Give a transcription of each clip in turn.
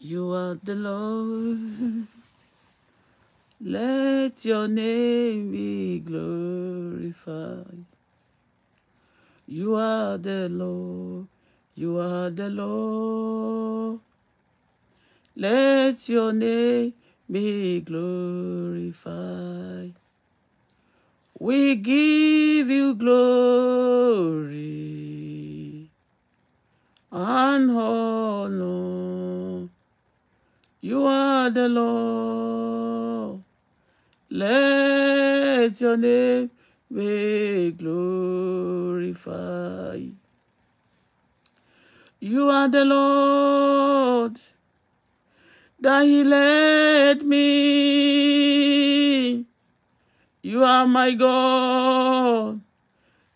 You are the Lord. Let your name be glorified. You are the Lord. You are the Lord. Let your name be glorified. We give you glory and honor. You are the Lord. Let your name be glorified. You are the Lord that He led me. You are my God,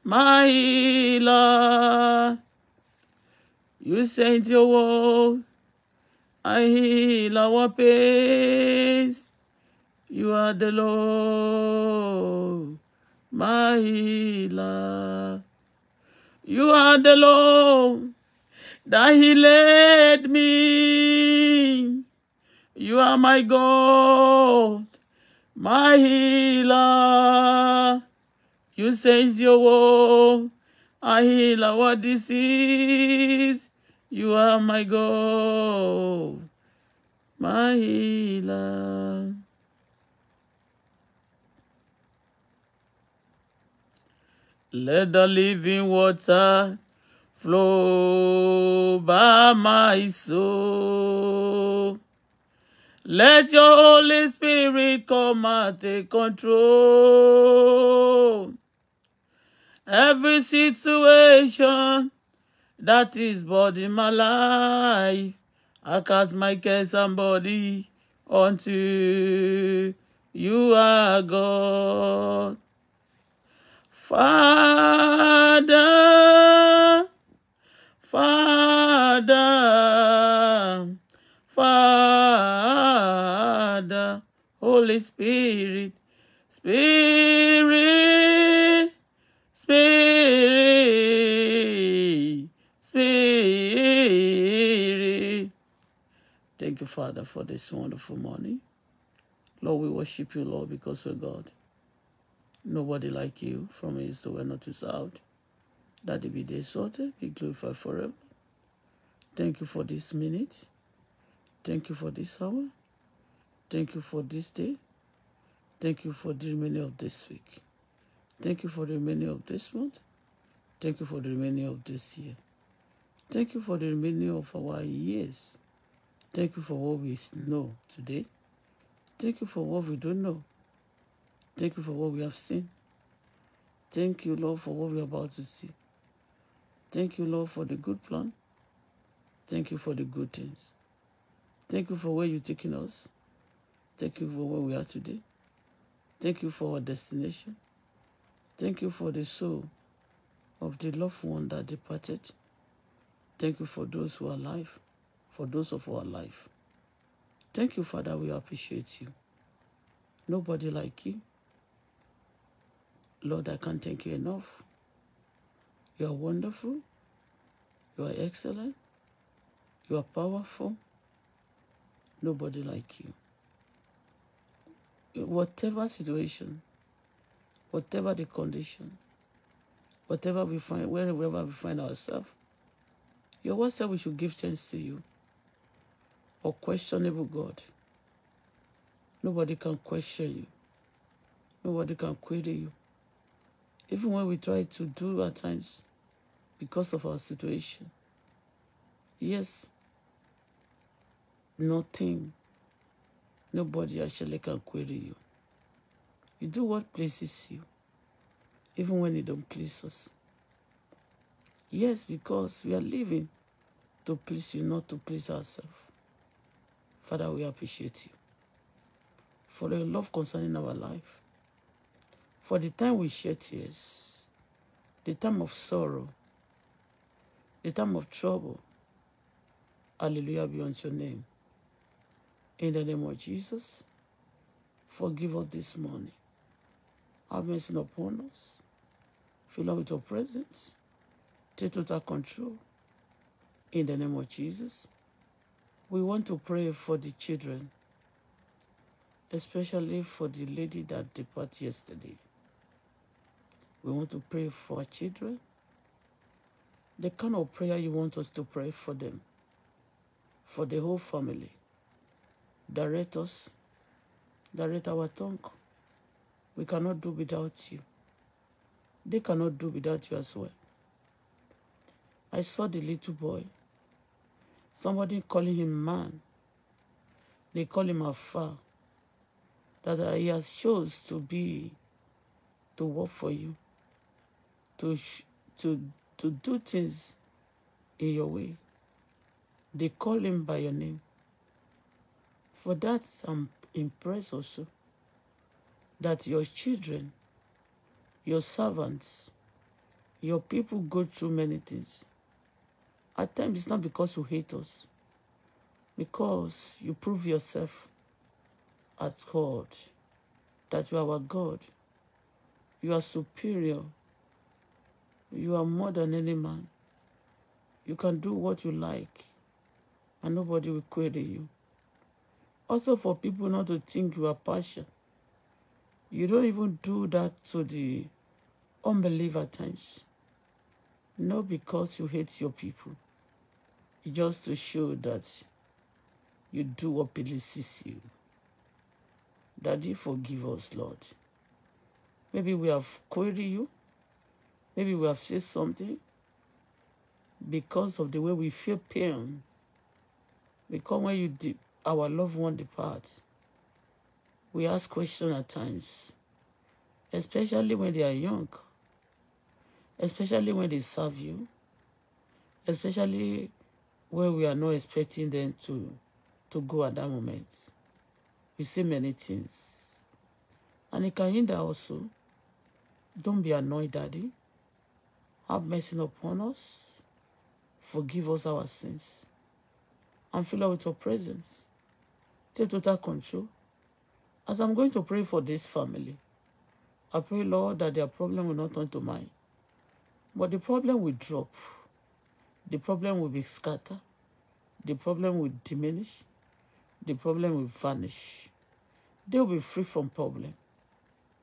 my Lord. You sent your word heal our pains. You are the Lord, my healer. You are the Lord that he led me. You are my God, my healer. You sent your word. I heal our disease. You are my goal, my healer. Let the living water flow by my soul. Let your Holy Spirit come and take control. Every situation That is body my life. I cast my cares and body unto you are God. Father, Father, Father, Holy Spirit, Spirit, Spirit. Father, for this wonderful morning. Lord, we worship you, Lord, because we're God. Nobody like you, from east to west, is to south. That it be the sorted, be glorified forever. Thank you for this minute. Thank you for this hour. Thank you for this day. Thank you for the remaining of this week. Thank you for the remaining of this month. Thank you for the remaining of this year. Thank you for the remaining of our years. Thank you for what we know today. Thank you for what we don't know. Thank you for what we have seen. Thank you, Lord, for what we're about to see. Thank you, Lord, for the good plan. Thank you for the good things. Thank you for where you're taking us. Thank you for where we are today. Thank you for our destination. Thank you for the soul of the loved one that departed. Thank you for those who are alive for those of our life. Thank you, Father. We appreciate you. Nobody like you. Lord, I can't thank you enough. You are wonderful. You are excellent. You are powerful. Nobody like you. In whatever situation, whatever the condition, whatever we find, wherever we find ourselves, your always said we should give thanks to you or questionable God. Nobody can question you. Nobody can query you. Even when we try to do at times because of our situation. Yes, nothing, nobody actually can query you. You do what pleases you, even when it don't please us. Yes, because we are living to please you, not to please ourselves. Father, we appreciate you for your love concerning our life, for the time we shed tears, the time of sorrow, the time of trouble. Hallelujah be unto your name. In the name of Jesus, forgive us this morning. Have mercy upon us. Fill us with your presence. Take total control. In the name of Jesus. We want to pray for the children, especially for the lady that departed yesterday. We want to pray for our children. The kind of prayer you want us to pray for them, for the whole family. Direct us, direct our tongue. We cannot do without you. They cannot do without you as well. I saw the little boy Somebody calling him man. They call him afar. That uh, he has chose to be, to work for you, to to to do things in your way. They call him by your name. For that, I'm impressed also that your children, your servants, your people go through many things. At times, it's not because you hate us. Because you prove yourself as God, that you are our God. You are superior. You are more than any man. You can do what you like, and nobody will query you. Also, for people not to think you are partial, you don't even do that to the unbeliever times. Not because you hate your people, just to show that you do what pleases you. Daddy, forgive us, Lord. Maybe we have queried you. Maybe we have said something. Because of the way we feel pain. Because when you de- our loved one departs, we ask questions at times. Especially when they are young. Especially when they serve you. Especially where we are not expecting them to, to go at that moment. We see many things. And it can hinder also. Oh. Don't be annoyed, Daddy. Have mercy upon us. Forgive us our sins. And fill us with your presence. Take total control. As I'm going to pray for this family, I pray, Lord, that their problem will not turn to mine. But the problem will drop. The problem will be scatter. The problem will diminish. The problem will vanish. They will be free from problem.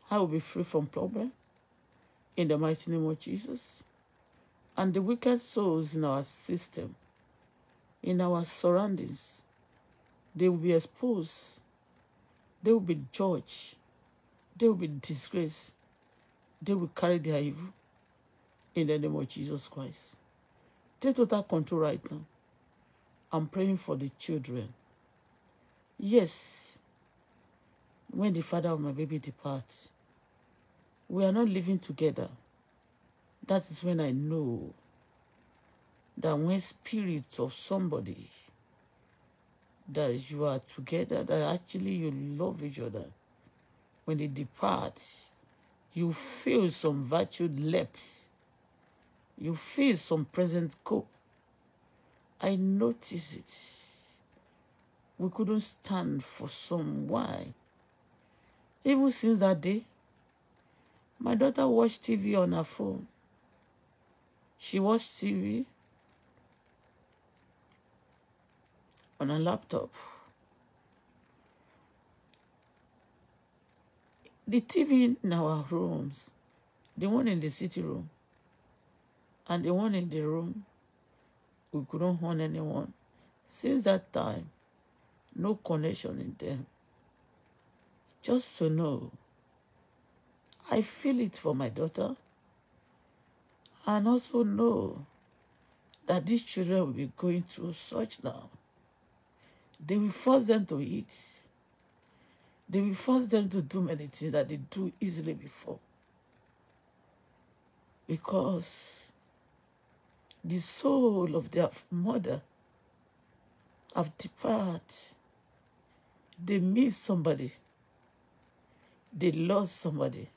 I will be free from problem. In the mighty name of Jesus. And the wicked souls in our system, in our surroundings, they will be exposed. They will be judged. They will be disgraced. They will carry their evil. In the name of Jesus Christ. Take total control right now. I'm praying for the children. Yes, when the father of my baby departs, we are not living together. That is when I know that when spirits of somebody that you are together, that actually you love each other, when they depart, you feel some virtue left you feel some present go. I notice it. We couldn't stand for some why. Even since that day, my daughter watched TV on her phone. She watched TV on her laptop. The TV in our rooms, the one in the city room, and the one in the room, we couldn't hunt anyone. Since that time, no connection in them. Just to know, I feel it for my daughter and also know that these children will be going through such now. They will force them to eat. They will force them to do many things that they do easily before. Because the soul of their mother have departed. They miss somebody. They lost somebody.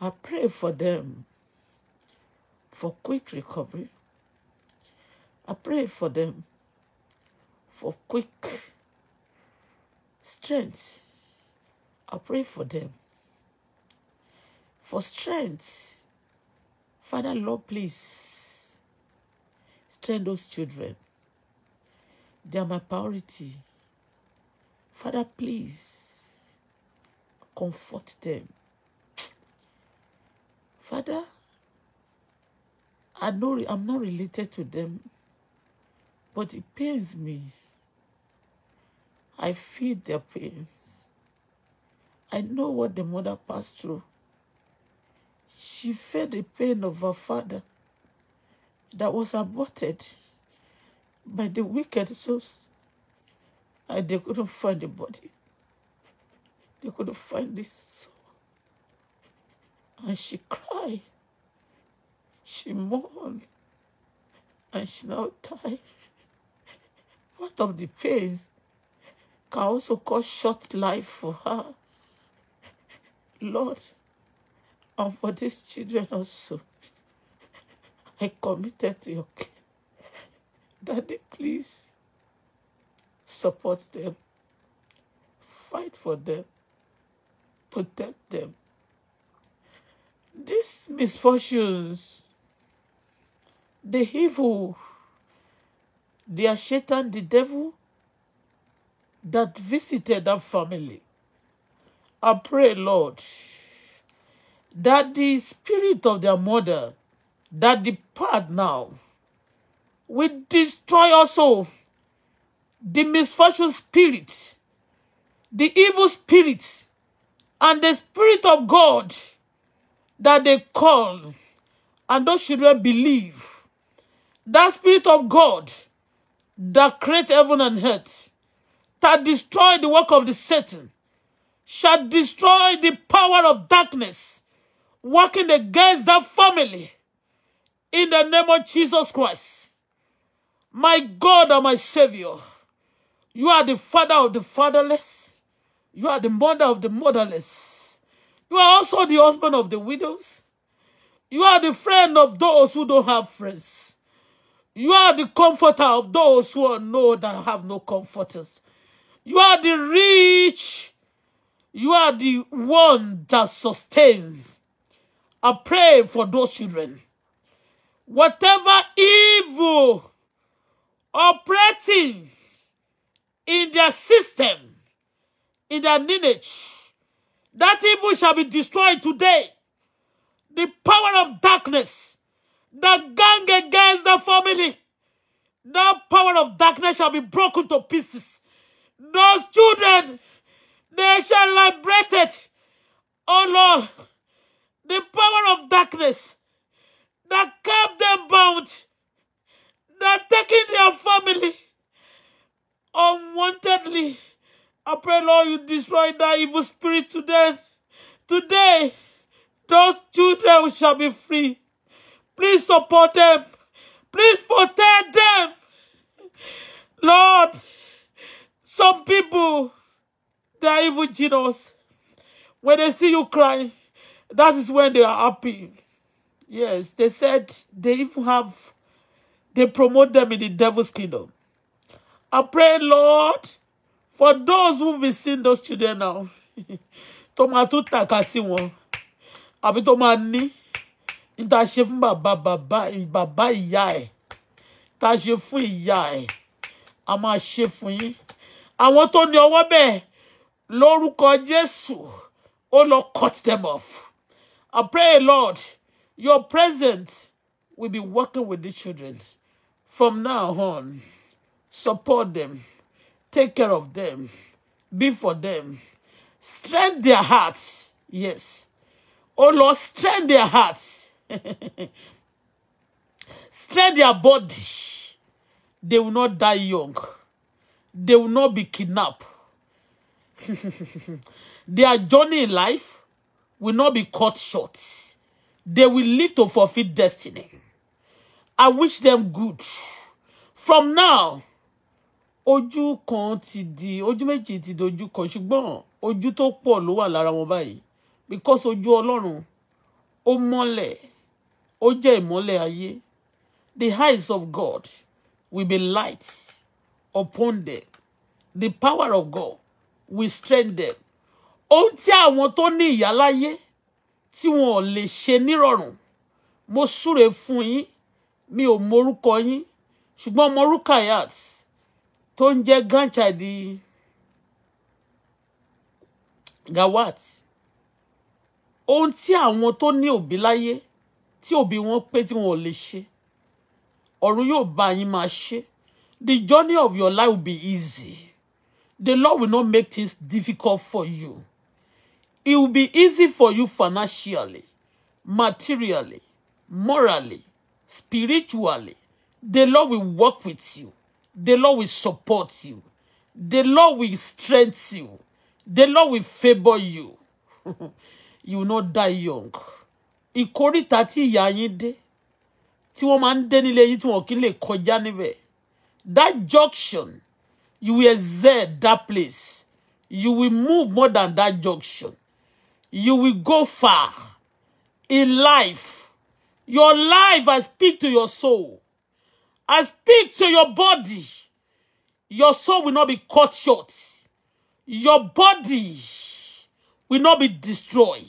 I pray for them for quick recovery. I pray for them for quick strength. I pray for them for strength Father, Lord, please strengthen those children. They are my priority. Father, please comfort them. Father, I know I'm not related to them, but it pains me. I feel their pains. I know what the mother passed through. She felt the pain of her father that was aborted by the wicked souls. And they couldn't find the body. They couldn't find this soul. And she cried. She mourned. And she now died. Part of the pains can also cause short life for her. Lord, and for these children also. I committed to your care. Daddy, please support them, fight for them, protect them. These misfortunes, the evil, the Satan, the devil that visited our family. I pray, Lord. that the spirit of their mother that depart now will destroy also the misfortune spirit, the evil spirit, and the spirit of God that they call, and those children believe. That spirit of God that creates heaven and earth, that destroy the work of the Satan, shall destroy the power of darkness working against that family in the name of Jesus Christ. My God and my Savior, you are the father of the fatherless. You are the mother of the motherless. You are also the husband of the widows. You are the friend of those who don't have friends. You are the comforter of those who are no that have no comforters. You are the rich. You are the one that sustains. I pray for those children. Whatever evil operating in their system, in their lineage, that evil shall be destroyed today. The power of darkness the gang against the family, that power of darkness shall be broken to pieces. Those children, they shall liberate. Oh Lord, the power of darkness that kept them bound, that taking their family unwantedly. I pray, Lord, you destroy that evil spirit today. Today, those children shall be free. Please support them. Please protect them. Lord, some people, they are evil genius. When they see you crying, That is when they are happy. Yes, they said they even have, they promote them in the devil's kingdom. I pray, Lord, for those who be seeing those children now. tó máa tún tàka sí wọn àbí tó máa ní ní tá a ṣe fún bàbá bàbá bàbá ìyá ẹ̀ tá a ṣe fún ìyá ẹ̀ a máa ṣe fún yín àwọn tó ní cut them off. I pray, Lord, your presence will be working with the children from now on. Support them, take care of them, be for them, strengthen their hearts. Yes. Oh Lord, strengthen their hearts, strengthen their body. They will not die young, they will not be kidnapped. their journey in life will not be cut short. They will live to fulfill destiny. I wish them good. From now, Oju kan ti di ojú méjì ti di ojú kan ṣùgbọ́n ojú tó pọ̀ ló wà lára wọn báyìí because Oju Ọlọ́run o mole ó jẹ́ ìmọ́lẹ̀ the eyes of God will be light upon them the power of God will strengthen them ohun tí àwọn tó ní ìyá láyé tí wọn ò lè ṣe nírọ̀rùn mo súre fún yín mi ò morúkọ yín ṣùgbọ́n mo Rukayat tó ń jẹ́ grandchild Gawat ohun tí àwọn tó ní òbí láyé tí òbí wọn pé tí wọn ò lè ṣe ọ̀run yóò bá yín máa ṣe the journey of your life will be easy the Lord will not make things difficult for you. It will be easy for you financially, materially, morally, spiritually. The Lord will work with you. The Lord will support you. The Lord will strengthen you. The Lord will favor you. you will not die young. Ikori tati ìyá yín dé, tí deni máa ń dé nílé yín tí wọn kì That junction, you will exert that place. You will move more than that junction you will go far in life. Your life, I speak to your soul. I speak to your body. Your soul will not be cut short. Your body will not be destroyed.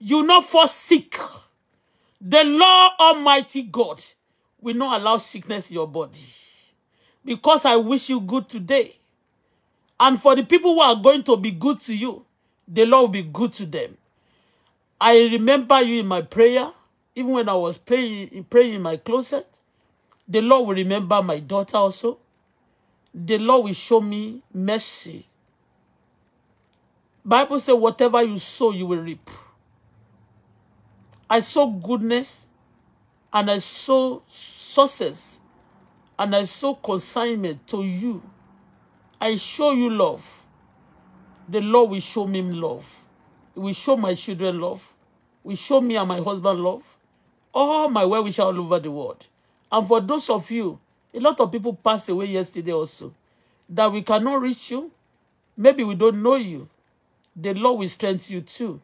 You will not fall sick. The Lord Almighty God will not allow sickness in your body. Because I wish you good today. And for the people who are going to be good to you, The Lord will be good to them. I remember you in my prayer, even when I was praying, praying in my closet. The Lord will remember my daughter also. The Lord will show me mercy. Bible says, whatever you sow, you will reap. I sow goodness, and I sow success, and I sow consignment to you. I show you love. the Lord will show me love. He will show my children love. He will show me and my husband love. All my well wishes all over the world. And for those of you, a lot of people passed away yesterday also, that we cannot reach you. Maybe we don't know you. The Lord will strengthen you too.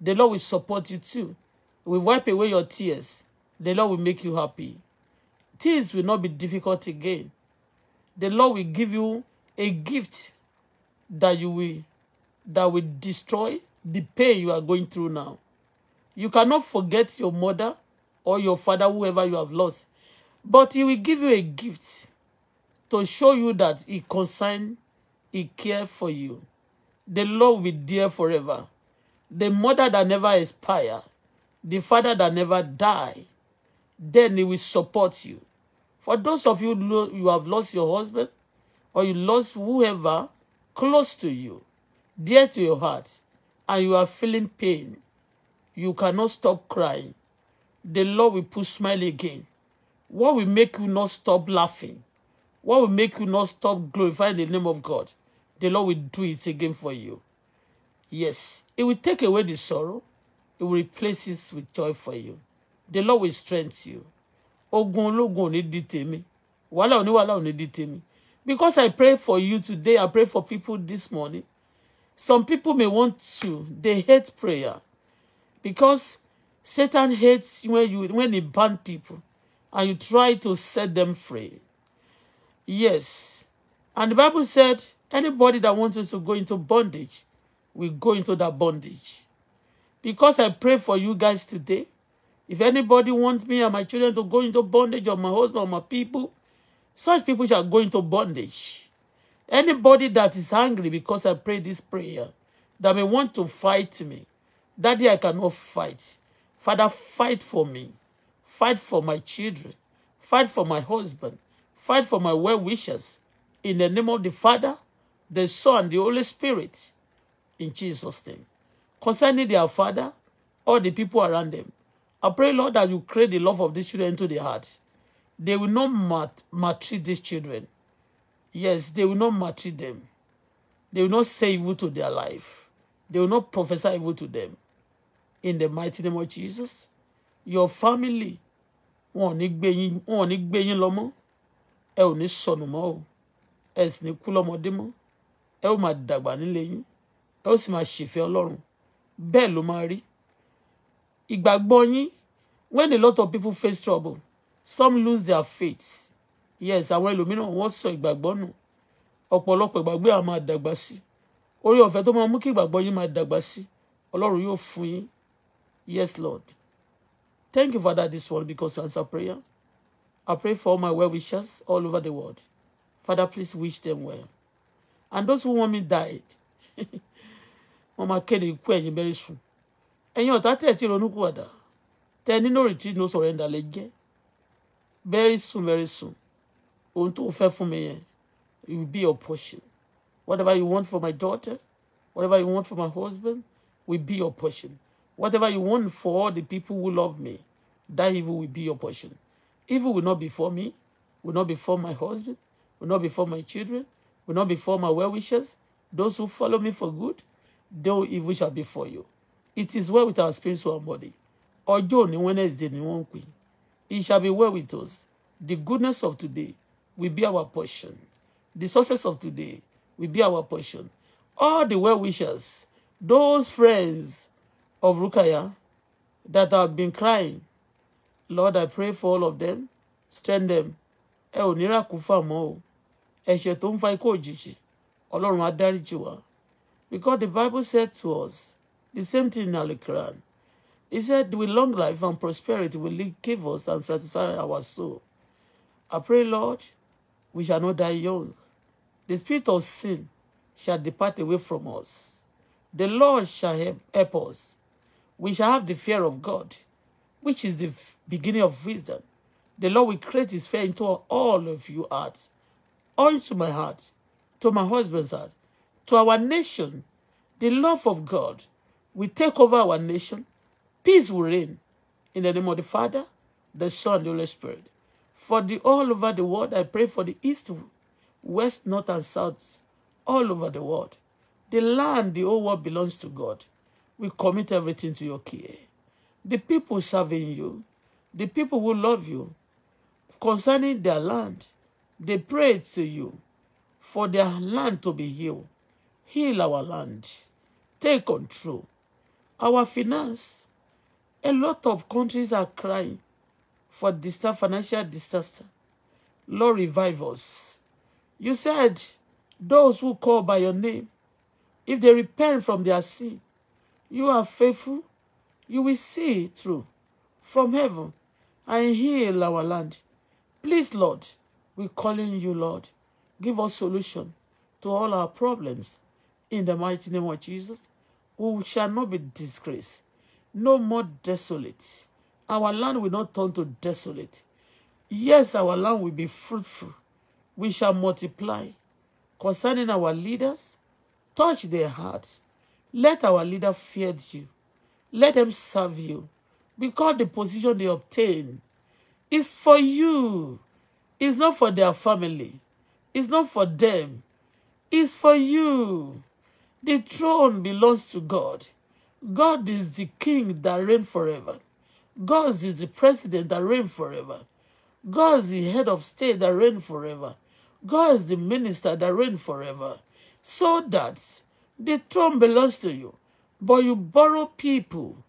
The Lord will support you too. We wipe away your tears. The Lord will make you happy. Things will not be difficult again. The Lord will give you a gift that you will that will destroy the pain you are going through now. You cannot forget your mother or your father, whoever you have lost. But he will give you a gift to show you that he concern, he care for you. The Lord will be there forever. The mother that never expire, the father that never die, then he will support you. For those of you who have lost your husband or you lost whoever close to you, dear to your heart and you are feeling pain, you cannot stop crying, the Lord will put smile again. What will make you not stop laughing? What will make you not stop glorifying the name of God? The Lord will do it again for you. Yes, it will take away the sorrow. It will replace it with joy for you. The Lord will strengthen you. Ogun ológun Because I pray for you today, I pray for people this morning. Some people may want to, they hate prayer because Satan hates when you when he ban people and you try to set them free. Yes. And the Bible said anybody that wants us to go into bondage will go into that bondage. Because I pray for you guys today, if anybody wants me and my children to go into bondage or my husband or my people, such people shall go into bondage. Anybody that is angry because I pray this prayer, that may want to fight me, Daddy, I cannot fight. Father, fight for me. Fight for my children. Fight for my husband. Fight for my well wishers. In the name of the Father, the Son, the Holy Spirit. In Jesus' name. Concerning their father, all the people around them, I pray, Lord, that you create the love of these children into their heart. They will not mat- maltreat these children. Yes, they will not maltreat them. They will not say evil to their life. They will not prophesy evil to them. In the mighty name of Jesus, your family, wọn ò ní gbé yín wọn ò ní o ẹ sì ní kú lọ́mọdé mọ́ ẹ ó máa dàgbà nílé yín ẹ ó sì máa ṣèfẹ́ Ọlọ́run bẹ́ẹ̀ ló máa rí ìgbàgbọ́ when a lot of people face trouble some lose their faith yes àwọn ẹlòmíràn wọ́n sọ ìgbàgbọ́ nù ọ̀pọ̀lọpọ̀ ìgbàgbọ́ àwọn máa dàgbà sí orí ọ̀fẹ́ tó máa mú kí ìgbàgbọ́ yín máa dàgbà sí ọlọ́run yóò fún yín yes lord thank you father this one because you answer prayer i pray for all my well wishers all over the world father please wish them well and those who want me died wọ́n máa kéde ikú ẹ̀yin bẹ́rẹ̀ sùn ẹ̀yin ọ̀tá tẹ̀ tí ronú kúwàdà tẹ nínú retreat no surrender lè jẹ́ very soon very soon ohun tó fẹ́ fún mi yẹn it will be your portion whatever you want for my daughter whatever you want for my husband will be your portion whatever you want for all the people who love me that evil will be your portion evil will not be for me will not be for my husband will not be for my children will not be for my well wishers those who follow me for good though evil shall be for you it is well with our spirit, spiritual body ọjọ́ òní Wednesday ni wọ́n ń it shall be well with us the goodness of today will be our portion. The success of today will be our portion. All the well wishers, those friends of Rukaya that have been crying, Lord, I pray for all of them, strengthen them. Ẹ ò ní rà kú fàmọ́ o. Ẹ̀ṣẹ̀ Because the Bible said to us the same thing in Al-Quran. it said, with long life and prosperity will give us and satisfy our soul. I pray, Lord, we shall not die young. The spirit of sin shall depart away from us. The Lord shall help us. We shall have the fear of God, which is the beginning of wisdom. The Lord will create his fear into all of you hearts, unto my heart, to my husband's heart, to our nation. The love of God will take over our nation. Peace will reign. In the name of the Father, the Son, and the Holy Spirit for the all over the world. I pray for the east, west, north, and south, all over the world. The land, the whole world belongs to God. We commit everything to your care. The people serving you, the people who love you, concerning their land, they pray to you for their land to be healed. Heal our land. Take control. Our finance. A lot of countries are crying for disaster, financial disaster. Lord, revive us. You said, those who call by your name, if they repent from their sin, you are faithful, you will see through from heaven and heal our land. Please, Lord, we're calling you, Lord. Give us solution to all our problems. In the mighty name of Jesus, we shall not be disgraced, no more desolate. Our land will not turn to desolate. Yes, our land will be fruitful. We shall multiply. Concerning our leaders, touch their hearts. Let our leader fear you. Let them serve you. Because the position they obtain is for you. It's not for their family. It's not for them. It's for you. The throne belongs to God. God is the king that reigns forever. God is the president that reigns forever. God is the head of state that reigns forever. God is the minister that reigns forever. So that the throne belongs to you, but you borrow people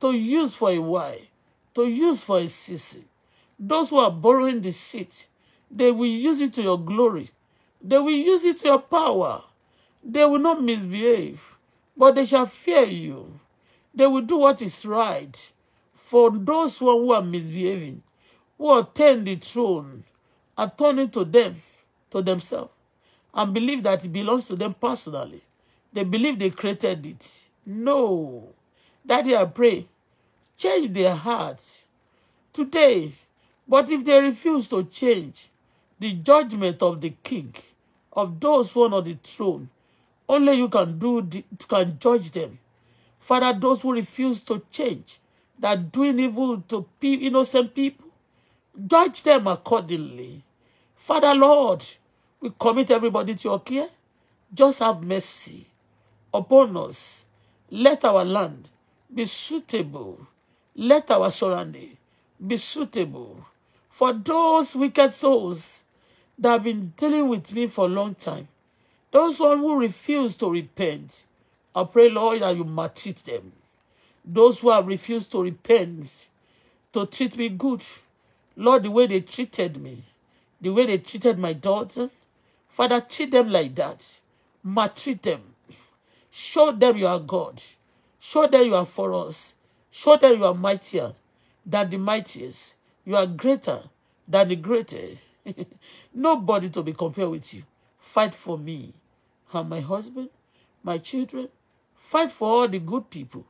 to use for a while, to use for a season. Those who are borrowing the seat, they will use it to your glory. They will use it to your power. They will not misbehave, but they shall fear you. They will do what is right for those who are misbehaving, who attend the throne and turn it to them, to themselves, and believe that it belongs to them personally. They believe they created it. No. Daddy, I pray, change their hearts today. But if they refuse to change, the judgment of the king, of those who are on the throne, only you can do the, can judge them. Father, those who refuse to change, that doing evil to pe innocent people. Judge them accordingly. Father Lord, we commit everybody to your care. Just have mercy upon us. Let our land be suitable. Let our surrounding be suitable for those wicked souls that have been dealing with me for a long time. Those one who refuse to repent, I pray, Lord, that you maltreat them. Those who have refused to repent, to treat me good. Lord, the way they treated me, the way they treated my daughter, Father, treat them like that. Maltreat them. Show them you are God. Show them you are for us. Show them you are mightier than the mightiest. You are greater than the greater, Nobody to be compared with you. Fight for me and my husband, my children. Fight for all the good people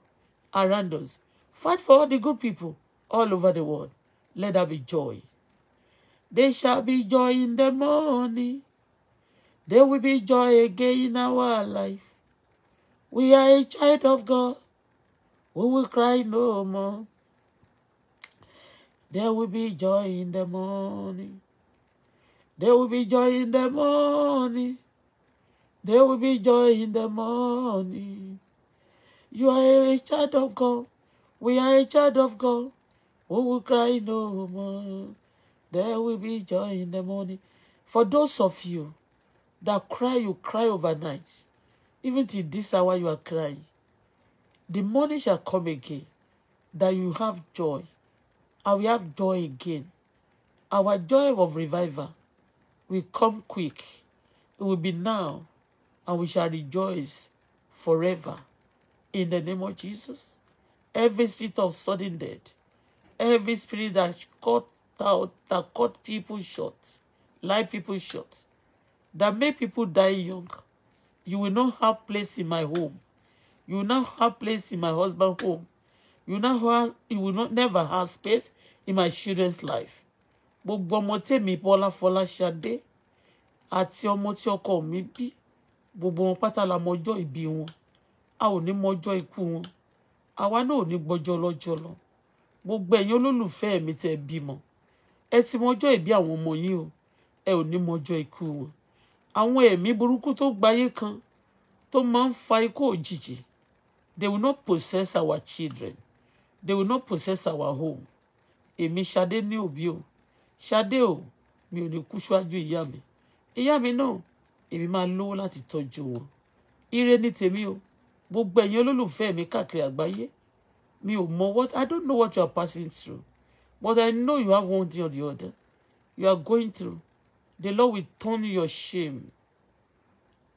around us. Fight for all the good people all over the world. Let there be joy. There shall be joy in the morning. There will be joy again in our life. We are a child of God. We will cry no more. There will be joy in the morning. There will be joy in the morning. There will be joy in the morning. You are a child of God. We are a child of God. We will cry no more. There will be joy in the morning. For those of you that cry, you cry overnight. Even till this hour, you are crying. The morning shall come again that you have joy. And we have joy again. Our joy of revival will come quick. It will be now, and we shall rejoice forever in the name of Jesus. Every spirit of sudden death, every spirit that cut out, that cut people short, lie people short, that make people die young, you will not have place in my home. You will not have place in my husband's home. You will not have, you will not never have space in my children's life. Gbogbo ọmọ tèmi Bọ́lá Fọláṣadé àti ọmọ tí ọkọ mi bí gbogbo wọn pátá la mojo ìbí wọn a ò ní mọjọ́ ikú wọn àwa náà ò ní gbọ́jọ́ lọ́jọ́ lọ gbogbo ẹ̀yin olólùfẹ́ mi tẹ́ bímọ ẹ ti mọjọ́ ìbí àwọn ọmọ yín o ẹ ò ní mọjọ́ ikú wọn àwọn ẹ̀mí burúkú tó gbayé kan tó máa ń fa ikú òjijì they will not possess our children they will not possess our home èmi Ṣadé ní òbí o Ṣadé o mi ò ní kú ṣáájú ìyá mi ìyá mi náà èmi máa lówó láti tọ́jú wọn ire ní tèmi o gbogbo ẹ̀yin olólùfẹ́ mi káàkiri àgbáyé mi ò mọ what i don't know what you are passing through but i know you have one thing or the other you are going through the lord will turn your shame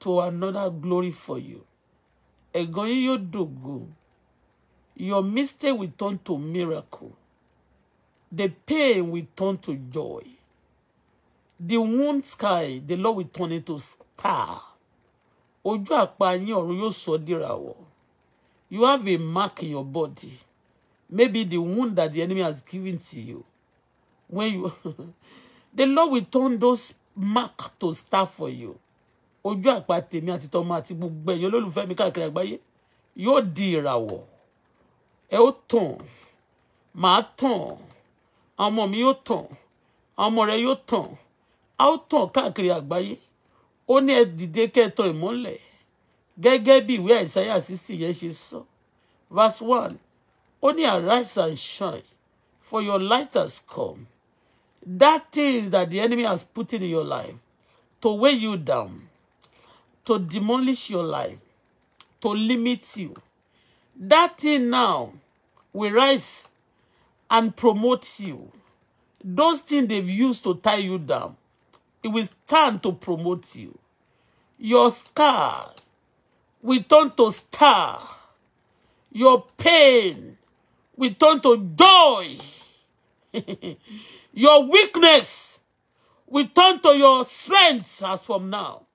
to another glory for you ẹ̀gàn yín yóò dògo your mistake will turn to miracle the pain will turn to joy the wound sky the lord will turn it to star ojú àpá yín ọ̀run yóò sọ dìràwọ̀ you have a mark in your body maybe the wound that the enemy has given to you when you the Lord will turn those mark to star for you ojú àpá tèmi àti tọmọ àti gbogbo ẹ̀yin olólùfẹ́ mi káàkiri àgbáyé yóò di ìràwọ̀ ẹ ó tàn màá tàn ọmọ mi yóò tàn ọmọ rẹ yóò tàn a ó tàn káàkiri àgbáyé ó ní ẹ dìde kẹtọ ìmọ́lẹ̀ gẹ́gẹ́ bí ìwé àìsáyà sixty yẹn ṣe sọ verse one ó ní arise and shine for your light has come that thing that the enemy has put in your life to weigh you down to demolish your life to limit you that thing now will rise and promote you those things they've used to tie you down It will stand to promote you. Your scar will turn to star. Your pain will turn to joy. your weakness will turn to your strength as from now.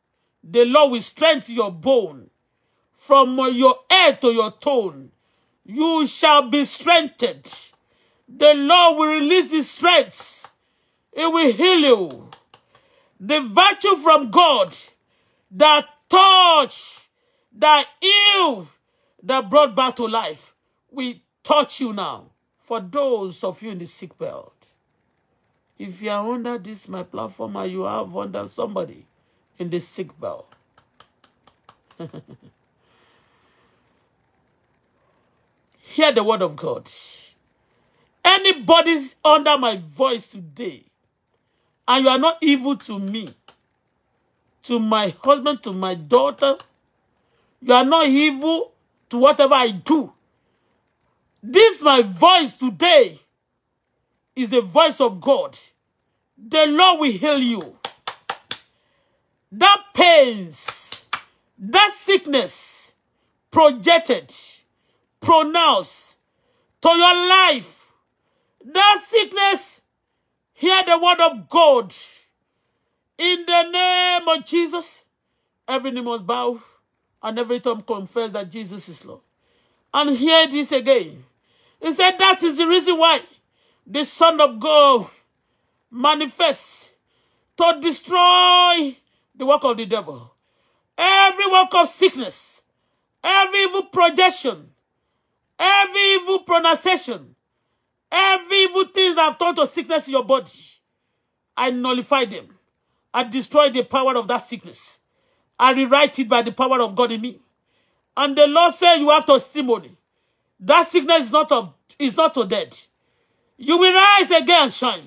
The Lord will strengthen your bone from your head to your tone. You shall be strengthened. The Lord will release his strength. It will heal you the virtue from God that touched, that healed, that brought back to life. We touch you now for those of you in the sick world. If you are under this, my platform, or you have under somebody in the sick world, Hear the word of God. Anybody's under my voice today and you are not evil to me, to my husband, to my daughter. You are not evil to whatever I do. This, my voice today, is the voice of God. The Lord will heal you. That pains, that sickness, projected, pronounced to your life, that sickness Hear the word of God. In the name of Jesus, every knee must bow and every tongue confess that Jesus is Lord. And hear this again. He said that is the reason why the Son of God manifests to destroy the work of the devil. Every work of sickness, every evil projection, every evil pronunciation, Every evil things I've turned to sickness in your body, I nullify them. I destroy the power of that sickness. I rewrite it by the power of God in me. And the Lord said you have testimony. That sickness is not of is not to dead. You will rise again and shine.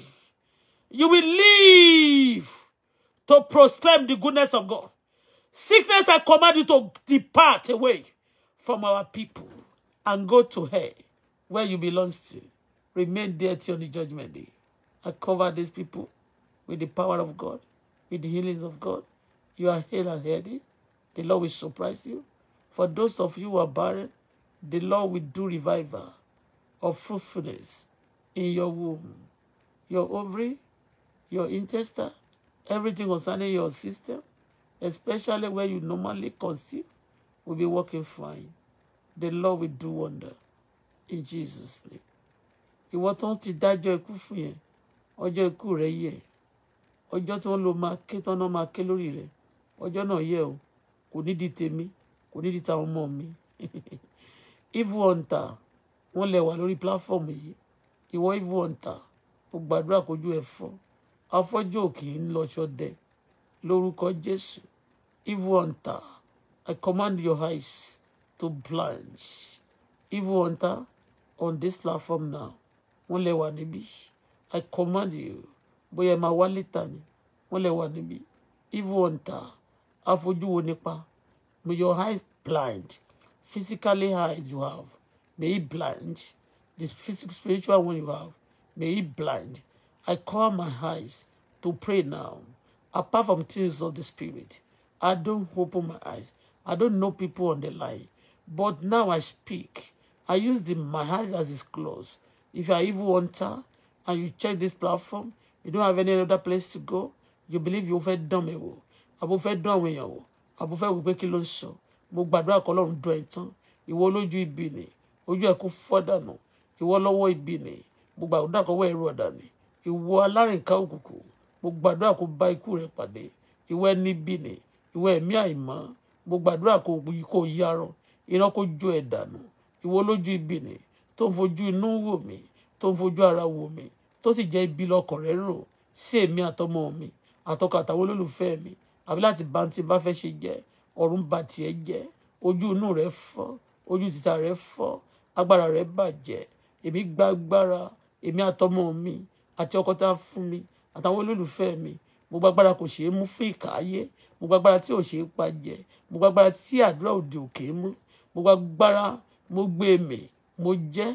You will live to proclaim the goodness of God. Sickness, I command you to depart away from our people and go to her, where you belongs to. remain dirty on the judgment day. I cover these people with the power of God, with the healings of God. You are healed and healthy. The Lord will surprise you. For those of you who are barren, the Lord will do revival of fruitfulness in your womb, your ovary, your intestine, everything concerning your system, especially where you normally conceive, will be working fine. The Lord will do wonder in Jesus' name. ìwọ tó ń ti dájọ́ ikú fún yẹn ọjọ́ ikú rẹ yẹ ọjọ́ tí wọ́n lo máa ké tán náà máa ké lórí rẹ ọjọ́ náà yẹ o kò ní di tèmi kò ní di táwọn ọmọ mi evil hunter wọ́n lè wà lórí platform yìí ìwọ evil hunter mo gbàdúrà kójú ẹ fọ́ òkè ń lọ ṣọdẹ lórúkọ Jésù evil hunter I command your eyes to blanch evil hunter on this platform now wọ́n lè wà níbí I command you bóyá ẹ máa wá létà ni wọ́n lè wà níbí evil hunter afojúwo nípa may your eyes blind physically eyes you have may he blind the physical spiritual one you have may he blind I call my eyes to pray now apart from things of the spirit I don't open my eyes I don't know people on the line but now I speak I use the my eyes as is closed If you are evil hunter and you check this platform, you don't have any other place to go, you believe you fẹ́ dán mi wò, àbò fẹ́ dán àwọn èèyàn wò, àbò fẹ́ wò pé kí So, ń sọ. Mo gbàdúrà kọ́ lọ́run dùn ẹ̀ tán. Ìwọ lójú ibi ni, ojú ẹ̀ kó fọ́ dànù. Ìwọ lọ́wọ́ ibi ni, mo gbàdúrà kọ́ wọ́ ẹ̀rọ ọ̀dàní. Ìwọ alárìnká òkùnkùn, mo gbàdúrà kó bá ikú rẹ̀ pàdé. Ìwọ ẹni ibi ni, ìwọ ẹ̀mí àìmọ́, mo gbàdúrà kó yí kó yárọ̀. Iná kó jó ẹ̀ dànù. ibi ni, tó ń fojú inú wò mí tó ń fojú ara wò mí tó sì jẹ́ ibi lọkàn rẹ̀ rò sí èmi àtọmọ mi àtọkọ àtàwọn olólùfẹ́ mi àbí láti bá ti bá fẹ́ ṣe jẹ́ ọ̀run ba tiẹ̀ jẹ́ ojú inú rẹ̀ fọ́ ojú títa rẹ̀ fọ́ agbára rẹ̀ bàjẹ́ èmi gba agbára èmi àtọmọ mi àti ọkọ tá a fún mi àtàwọn olólùfẹ́ mi mo gbàgbára kò ṣeé mú fún ìkàáyé mo gbàgbára tí ò ṣeé pajẹ mo gbàgbára tí àdúrà òde òkè mú mo gbàgbára mo gbé èmè e mo jẹ́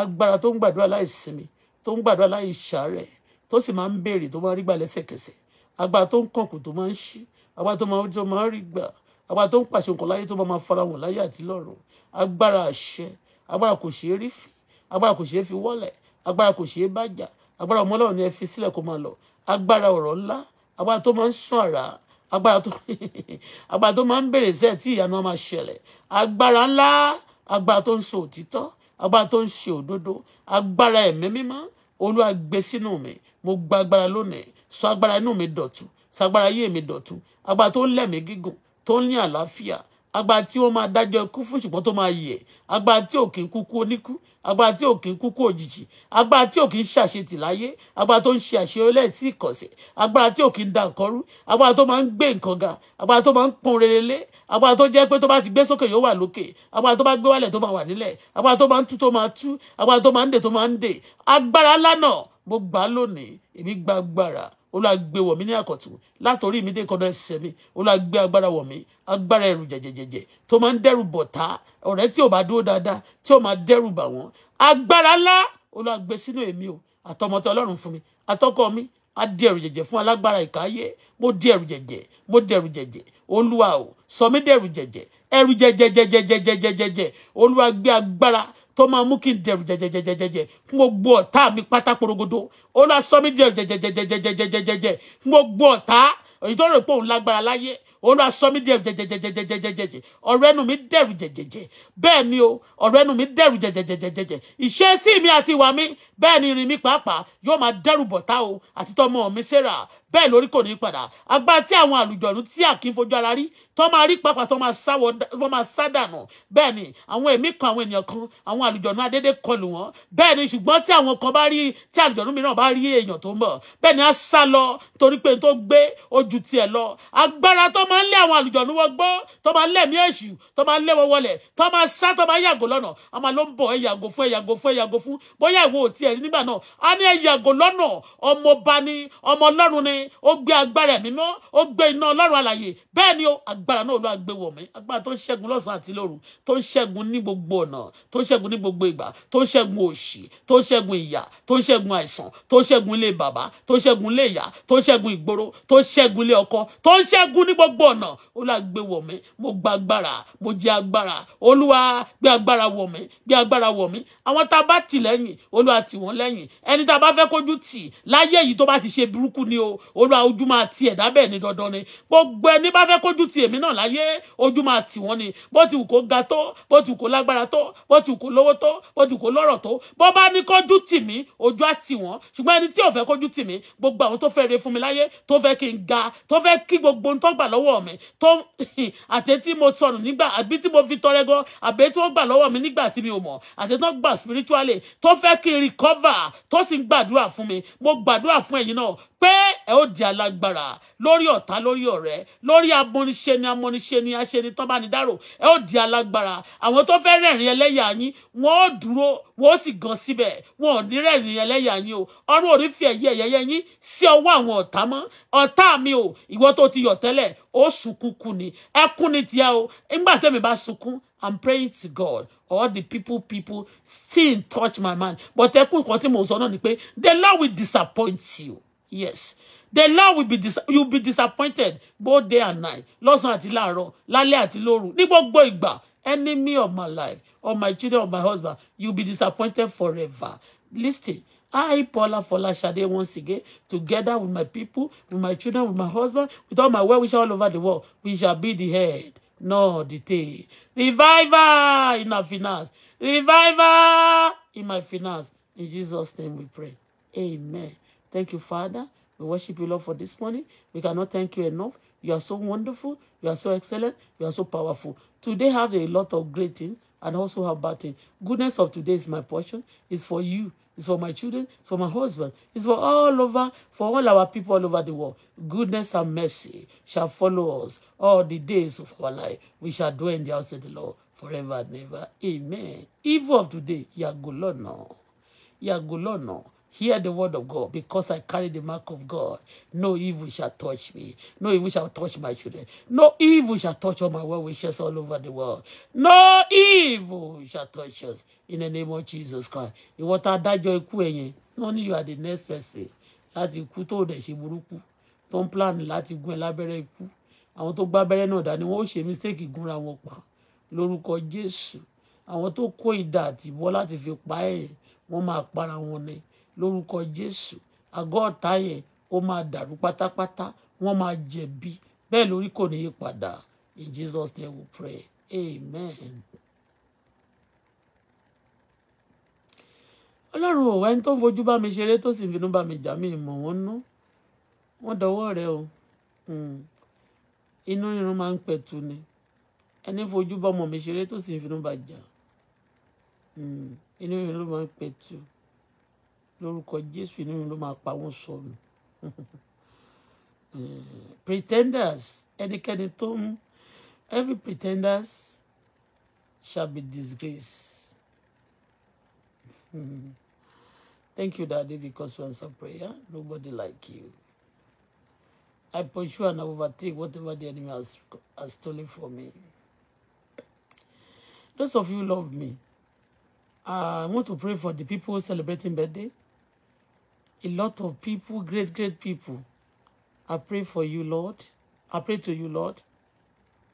agbára tó ń gbàdúrà láìsinmi tó ń gbàdúrà láìsàárẹ̀ tó sì máa ń béèrè tó máa rí gbà lẹ́sẹ̀kẹsẹ̀ agbára tó ń kànkù tó máa ń ṣí agbára tó máa ń rí gbà agbára tó ń pàṣẹ nǹkan láyé tó máa fara hàn láyé àti lọ́run agbára àṣẹ agbára kò ṣeé rí fi agbára kò ṣeé fi wọ́lẹ̀ agbára kò ṣeé bàjá agbára ọmọlọ́run ni ẹ fi sílẹ̀ kó máa lọ agbára ọ̀rọ̀ ńlá agbára tó máa ń sún àrà agbára tó máa ń bèrè sẹ́ẹ̀ tí ìyanu máa ṣẹlẹ̀ agbára ńlá agbára tó ń sọ òtítọ́ agbára tó ń ṣe òdodo agbára ẹ̀mí mímọ́ olúwa gbé sínú mi mo gba agbára lónìí sọ agbára inú mi dọ̀tun sọ agbára ayé mi dọ̀tun agbára tó ń lẹ̀mí gígùn tó ń ní àlàáfíà agbára tí ó máa dájọ́ ikú fún ṣùgbọ́n tó máa yẹ̀ agbára tí ò kì í kúkú oníkú agbára tí ò kì í kúkú òjijì agbára tí ò kì í ṣàṣetì láyé agbára tó ń ṣe àṣeyọlẹ sí ìkọ̀sẹ̀ agbára tí ò kì í da nǹkan rú agbára tó máa ń gbé nǹkan ga agbára tó máa ń pọn rere lé agbára tó jẹ́ pé tó bá ti gbé sókè yóò wà lókè agbára tó bá gbé wálẹ̀ tó máa wà nílẹ̀ agbára tó máa ń tú tó máa tú agbára tó máa ń dè olùwàgbé wọ̀ mí ní àkọ̀tù látòrí mi dé kọ́dọ̀ ẹsẹ̀ mi olùwàgbé agbára wọ̀ mí agbára ẹ̀rù jẹ̀jẹ̀jẹ̀jẹ̀ tó máa ń dẹ́rù bọ̀tá ọ̀rẹ́ tí ò bá dúró dáadáa tí ò máa dẹ́rù bà wọ́n agbára ńlá olùwàgbé sínú èmi o àtọmọtọ ọlọ́run fún mi àtọkọ mi á di ẹ̀rù jẹ̀jẹ̀ fún alágbára ìkáyé mo di ẹ̀rù jẹ̀jẹ̀ mo di ẹ̀rù jẹ̀jẹ̀ olúwa o sọ mí dẹ̀rù jẹ̀jẹ̀ ẹ̀rù jẹ̀jẹ̀jẹ̀jẹ̀jẹ̀jẹ̀jẹ̀ olúwa agbára tó máa mú kí n dẹrù jẹjẹjẹjẹjẹjẹ fún gbogbo ọ̀tá mi pátá porogodo ó lọ sọ mí dẹrù jẹjẹjẹjẹjẹjẹjẹjẹ fún gbogbo ọ̀tá èyí tó rò pé òun lágbára láyé òun lọ sọ mí dẹrù jẹjẹjẹjẹjẹjẹjẹ ọ̀rọ̀ ẹnu mi dẹrù jẹjẹjẹ bẹ́ẹ̀ ni o ọ̀rọ̀ ẹnu mi dẹrù jẹjẹjẹjẹjẹjẹ ìṣesí mi àti ìwà mi bẹ́ẹ̀ ni ìrìn mi pàápàá yóò máa dẹrù bọ̀tá o àti tọmọ mi Sarah bẹ́ẹ̀ lórí kò ní padà agbára tí àwọn àlùjọ̀nù tí àkín fojú ara rí tó máa rí pápá tó máa sá dànù bẹ́ẹ̀ ni àwọn ẹ̀mí kan àwọn ènìyàn kan àwọn àlùjọ̀nù adédé kọlù wọn bẹ́ẹ̀ ni ṣùgbọ́n tí àwọn kan bá rí tí àlùjọ̀nù mìíràn bá rí èèyàn tó ń bọ̀ bẹ́ẹ̀ ni á sá lọ torí pé tó gbé ojú tiẹ̀ lọ agbára tó máa ń lé àwọn àlùjọ̀nù wọn gbọ́ tó máa ń lẹ̀mí èṣù tó máa ń lé wọn wọlẹ̀ tó máa sá tó máa yàgò lọ́nà a máa ló ń bọ̀ ẹ fún ẹ fún ẹ fún bóyá ìwọ ò tiẹ̀ rí nígbà náà a ní ẹ lọ́nà ọmọ ọba ọmọ ọlọ́run ni mi ó gbé agbára ẹ̀mí mọ́ ó gbé iná ọlọ́run àlàyé bẹ́ẹ̀ ni ó agbára náà ló agbé wọ̀ mí agbára tó ń ṣẹ́gun lọ́sàn-án àti lóru tó ń ṣẹ́gun ní gbogbo ọ̀nà tó ń ṣẹ́gun ní gbogbo ìgbà tó ń ṣẹ́gun òṣì tó ń ṣẹ́gun ìyà tó ń ṣẹ́gun àìsàn tó ń ṣẹ́gun ilé bàbá tó ń ṣẹ́gun ilé ìyá tó ń ṣẹ́gun ìgboro tó ń ṣẹ́gun ilé ọkọ tó ń ṣẹ́gun ní gbogbo ọ̀nà ó lá gbé wọ̀ mo gba agbára mo jẹ agbára olúwa gbé agbára wọ̀ gbé agbára wọ̀ àwọn tá a bá tì lẹ́yìn olúwa tì wọ́n lẹ́yìn ẹni tá a bá fẹ́ kójú tì láyé yìí tó bá ti ṣe burúkú ni o olúwa ojú máa ti ẹ̀dá bẹ́ẹ̀ ni dandan ni gbogbo ẹni bá fẹ́ kójú ti èmi náà láyé ojú máa tì wọ́n ni bó ti wù kó ga tó bó ti wù kó lágbára tó bó ti wù kó lówó tó bó ti wù kó lọ́rọ̀ tó bó bá ní kójú tì mí ojú á tì wọ́n ṣùgbọ́n ẹni tí ò fẹ́ kójú tì mí gbogbo àwọn tó fẹ́ re fún mi láyé tó fẹ́ kí n ga tó fẹ́ kí gbogbo ń tọ́gbà lọ́wọ́ mi tó àti tí mo sọnù nígbà àbí tí mo fi tọrẹ gan àbí tí wọ́n gbà lọ́wọ́ mi nígbà tí mi ò mọ̀ àti tí wọ́n gbà spiritually tó fẹ́ kí n recover tó sì ń gbàdúrà fún mi mo gbàdúrà fún ẹ̀yin náà pé ẹ ó di alágbára lórí ọ̀tá lórí ọ̀rẹ́ lórí amọ̀niṣeni amọ̀niṣeni aṣeni tọ́bánidárò ẹ ó di alágbára àwọn tó fẹ́ rẹ̀rìn ẹlẹ́yà yín wọ́n ó dúró wọ́n ó sì gan síbẹ̀ wọ́n ò ní rẹ̀rìn ẹlẹ́yà yín o ọ̀run ò ní fi ẹ̀yẹ ẹ̀yẹ yín sí ọwọ́ àwọn ọ̀tá mọ́ ọ̀tá mi o ìwọ tó ti yọ̀ tẹ́lẹ̀ ó sunkún kù ni ẹkún ni tiẹ̀ o nígbà tẹ́mi bá sunkún I'm praying to God. All the people, people still touch my mind. But ẹkún kan tí mo sọ náà ni pé the Lord will disappoint you. Yes the Lord will be dis you be disappointed both day and night lọ́sàn àti láàárọ̀ Lale àti lóru ní gbogbo ìgbà enemy of my life of my children of my husband You'll be disappointed forever listen I, Paula Folashade, once again, together with my people, with my children, with my husband, with all my well-wishers all over the world, we shall be the head, not the tail. Revival in our finance. Revival in my finance. In Jesus' name we pray. Amen. Thank you, Father. We worship you, Lord, for this morning. We cannot thank you enough. You are so wonderful. You are so excellent. You are so powerful. Today have a lot of great things and also have bad things. Goodness of today is my portion. It's for you. It's for my children, for my husband. It's for all over, for all our people all over the world. Goodness and mercy shall follow us all the days of our life. We shall dwell in the house of the Lord forever and ever. Amen. Evil of today, yàgò lọ́nà. Yàgò lọ́nà. Hear the word of God because I carry the mark of God. No evil shall touch me. No evil shall touch my children. No evil shall touch all my well wishes all over the world. No evil shall touch us in the name of Jesus Christ. You tá dájọ́ ikú ẹ̀yẹn. No you are the next person. Láti ikú tó dẹ̀ ṣe buruku, Tó ń plan láti gún ẹ lábẹ́rẹ́ ikú. Àwọn tó gba abẹ́rẹ́ náà dání wọ́n ó ṣe mistake gúnra wọn pa. Lórúkọ Jésù. to tó kó idà àtìbọ́ láti fi pa ẹ̀yìn. Wọ́n máa para wọn ni lórúkọ jésù àgọ́ ọ̀tá yẹn ó máa dàrú pátápátá wọ́n máa jẹ̀bi bẹ́ẹ̀ lórí kò ní í padà in jesus name we pray amen. ọlọ́run ò wá ẹni tó ń fojú bá mi ṣeré tó sì ń finú bá mi jà mí ìmọ̀ wọn nú wọ́n dọwọ́ rẹ o hmm. inú rírun máa ń pẹ̀tù ni ẹni fojú bá ọmọ mi ṣeré tó sì ń finú bá jà hmm. inú rírun máa ń pẹ̀tù. Mm lórúkọ jésù inú mi ló máa pa wọ́n sọnù eh, pretenders ẹnikẹ́ni tó ń every pretenders shall be disgraced. Thank you, Daddy, because you answer prayer. Nobody like you. I pursue and overtake whatever the enemy has, has stolen from me. Those of you love me. I want to pray for the people celebrating birthday a lot of people, great, great people. I pray for you, Lord. I pray to you, Lord.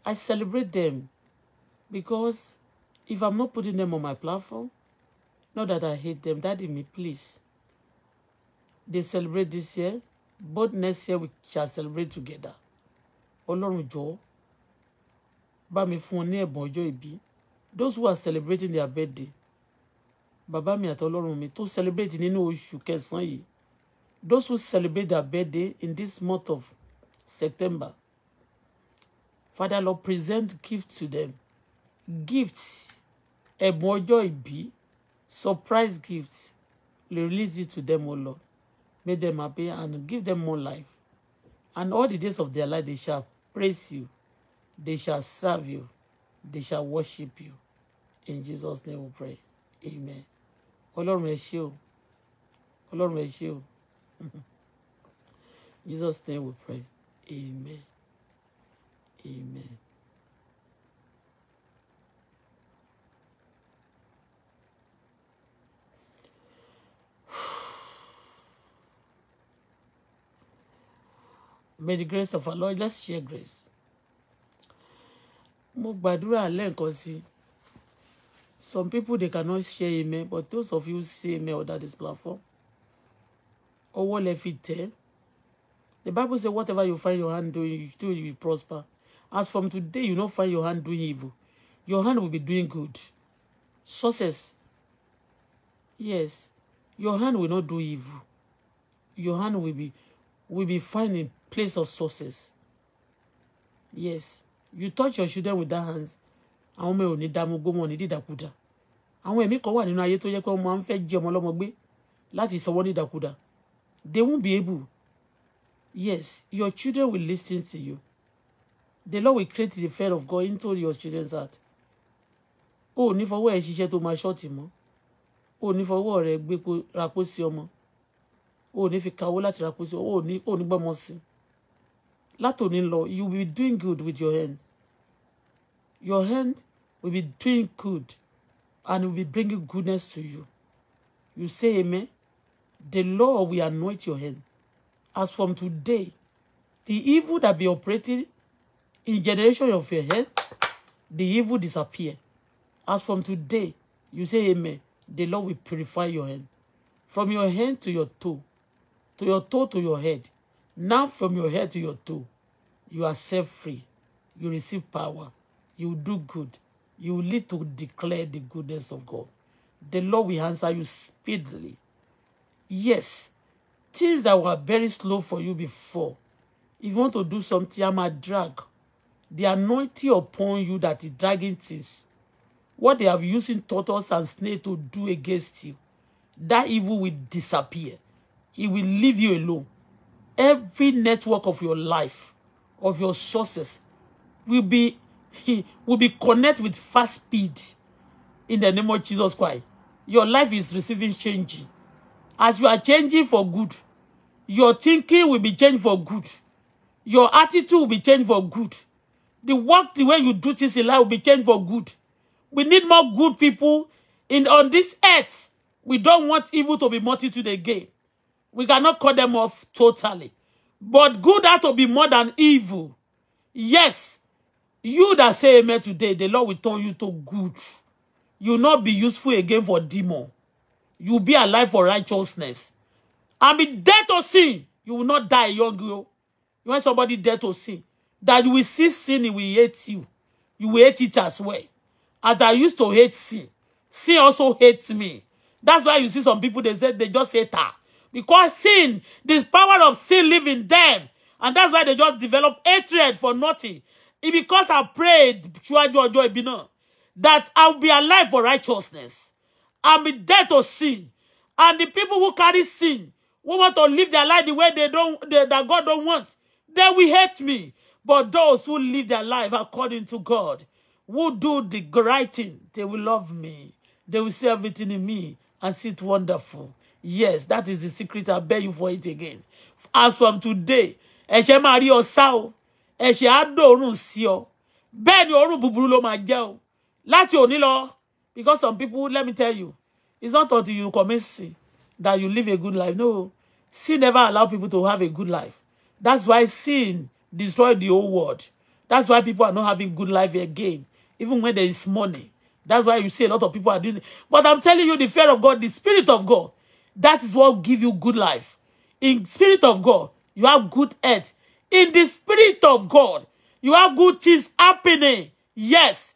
I celebrate them because if I'm not putting them on my platform, not that I hate them, Daddy me, please. They celebrate this year, but next year we shall celebrate together. Olorunjo, ba mi fún wọn ní ẹ̀bùn ọjọ́ Those who are celebrating their birthday, Baba mi àti Ọlọ́run mi to celebrate nínú oṣù kẹsàn-án yìí, Those who celebrate their birthday in this month of September, Father Lord, present gifts to them. Gifts, a more joy be, surprise gifts, release it to them, O Lord. Make them happy and give them more life. And all the days of their life, they shall praise you. They shall serve you. They shall worship you. In Jesus' name we pray. Amen. O Lord, bless you. o. Lord, bless you. Jesus' name we pray. Amen. Amen. May the grace of our Lord, let's share grace. Mo gbàdúrà lẹ́ẹ̀kan Some people they cannot share amen, but those of you say amen on this platform ọwọ́ lẹ fi tẹ̀ the bible say whatever you find your hand doing you still you prosper as from today you no find your hand doing evil your hand will be doing good success yes your hand will not do evil your hand will be will be find in place of success yes you touch your children with that hands àwọn ọmọ ò ní dààmú gómọ ní dídàkudà àwọn ẹ̀mí kan wà nínú ayé tó yẹ pé wọ́n máa ń fẹ́ jí ọmọ ọlọ́mọ gbé láti sọ wọ́n dídàkudà They won't be able. Yes, your children will listen to you. The Lord will create the fear of God into your children's heart. Oh, ò ní fọwọ́ ẹ ṣiṣẹ́ tó máa ṣọ́ọ̀tì mọ́. O ò ní fọwọ́ rẹ gbé rapó sí ọmọ. O ò ní fi kawó láti rapó sí ọmọ. O ò ní gbọ́mọ sí. you will be doing good with your hand. Your hand will be doing good and will be bringing goodness to you. You say amen. The Lord will anoint your head. As from today, the evil that be operating in generation of your head, the evil disappear. As from today, you say amen, the Lord will purify your head. From your hand to your toe, to your toe to your head. Now from your head to your toe, you are set free. You receive power. You do good. You will lead to declare the goodness of God. The Lord will answer you speedily Yes, things that were very slow for you before, if you want to do something, I'm a drag. The anointing upon you that is dragging things. What they have using turtles and snake to do against you, that evil will disappear. It will leave you alone. Every network of your life, of your sources, will be will be connect with fast speed in the name of Jesus Christ. Your life is receiving change. As you are changing for good, your thinking will be changed for good. Your attitude will be changed for good. The work, the way you do things in life will be changed for good. We need more good people in on this earth. We don't want evil to be multitude again. We cannot cut them off totally. But good has to be more than evil. Yes, you that say amen today, the Lord will turn you to good. You will not be useful again for demon you be alive for righteousness. And be dead to sin. You will not die young girl. You want somebody dead to sin. That you will see sin, it will hate you. You will hate it as well. As I used to hate sin. Sin also hates me. That's why you see some people, they said they just hate her. Because sin, this power of sin live in them. And that's why they just develop hatred for nothing. It because I prayed that I'll be alive for righteousness. I'm be dead to sin. And the people who carry sin, who want to live their life the way they don't they, that God don't want, they will hate me. But those who live their life according to God, who do the right thing, they will love me. They will see everything in me and see it wonderful. Yes, that is the secret. I beg you for it again. As from today, ẹ̀ṣẹ̀ máa rí ọ sá o, ẹ̀ṣẹ̀ á dòórùn sí ọ. Bẹ́ẹ̀ ni òórùn búburú ló máa jẹ́ o. Láti òní lọ, Because some people, let me tell you, it's not until you commit sin that you live a good life. No, sin never allow people to have a good life. That's why sin destroyed the whole world. That's why people are not having good life again, even when there is money. That's why you see a lot of people are doing it. But I'm telling you, the fear of God, the spirit of God, that is what give you good life. In spirit of God, you have good health. In the spirit of God, you have good things happening. Yes,